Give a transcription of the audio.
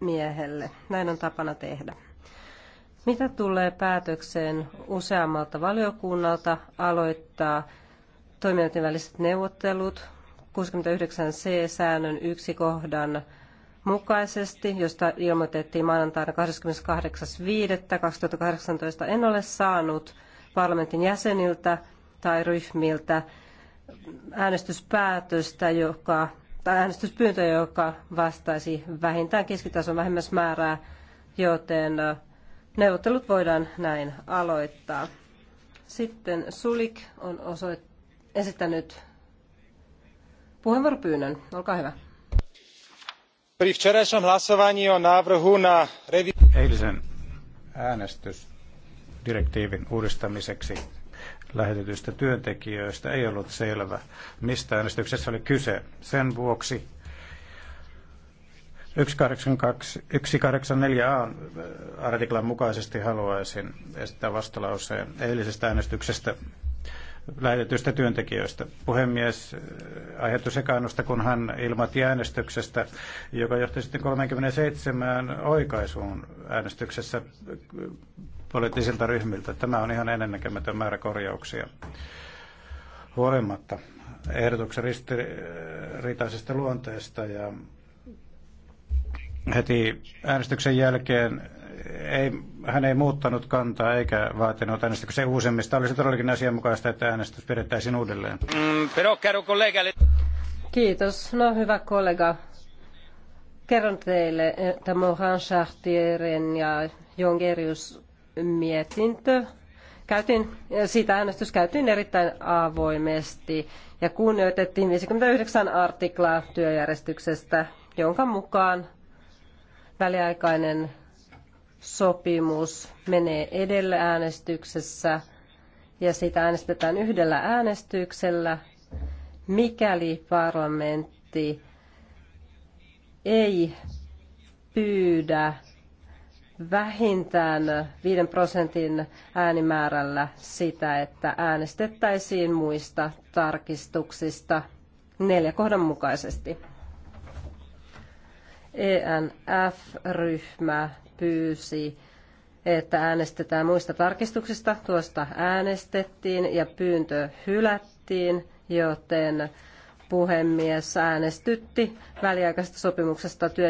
miehelle. Näin on tapana tehdä. Mitä tulee päätökseen useammalta valiokunnalta aloittaa toimijoiden väliset neuvottelut 69c-säännön yksi kohdan mukaisesti, josta ilmoitettiin maanantaina 28.5.2018, en ole saanut parlamentin jäseniltä tai ryhmiltä äänestyspäätöstä, joka tai äänestyspyyntö, joka vastaisi vähintään keskitason vähimmäismäärää, joten neuvottelut voidaan näin aloittaa. Sitten Sulik on osoit- esittänyt puheenvuoropyynnön. Olkaa hyvä. Pri včerajšom hlasovaní o návrhu na revi... Eilisen äänestys direktiivin uudistamiseksi lähetetyistä työntekijöistä ei ollut selvä, mistä äänestyksessä oli kyse. Sen vuoksi 184a artiklan mukaisesti haluaisin esittää vastalauseen eilisestä äänestyksestä lähetetyistä työntekijöistä. Puhemies aiheutti sekaannusta, kun hän ilmoitti äänestyksestä, joka johti sitten 37 oikaisuun äänestyksessä poliittisilta ryhmiltä. Tämä on ihan ennennäkemätön määrä korjauksia. Huolimatta ehdotuksen ristiriitaisesta luonteesta ja heti äänestyksen jälkeen ei, hän ei muuttanut kantaa eikä vaatinut äänestyksen uusimmista. Olisi todellakin asianmukaista, että äänestys pidettäisiin uudelleen. Mm, Kiitos. No hyvä kollega. Kerron teille, että eh, Mohan Chartierin ja Jongerius mietintö käytiin, siitä äänestys käytiin erittäin avoimesti ja kunnioitettiin 59 artiklaa työjärjestyksestä, jonka mukaan väliaikainen sopimus menee edellä äänestyksessä ja siitä äänestetään yhdellä äänestyksellä, mikäli parlamentti ei pyydä vähintään 5 prosentin äänimäärällä sitä, että äänestettäisiin muista tarkistuksista neljä kohdan mukaisesti. ENF-ryhmä pyysi, että äänestetään muista tarkistuksista. Tuosta äänestettiin ja pyyntö hylättiin, joten puhemies äänestytti väliaikaisesta sopimuksesta työ-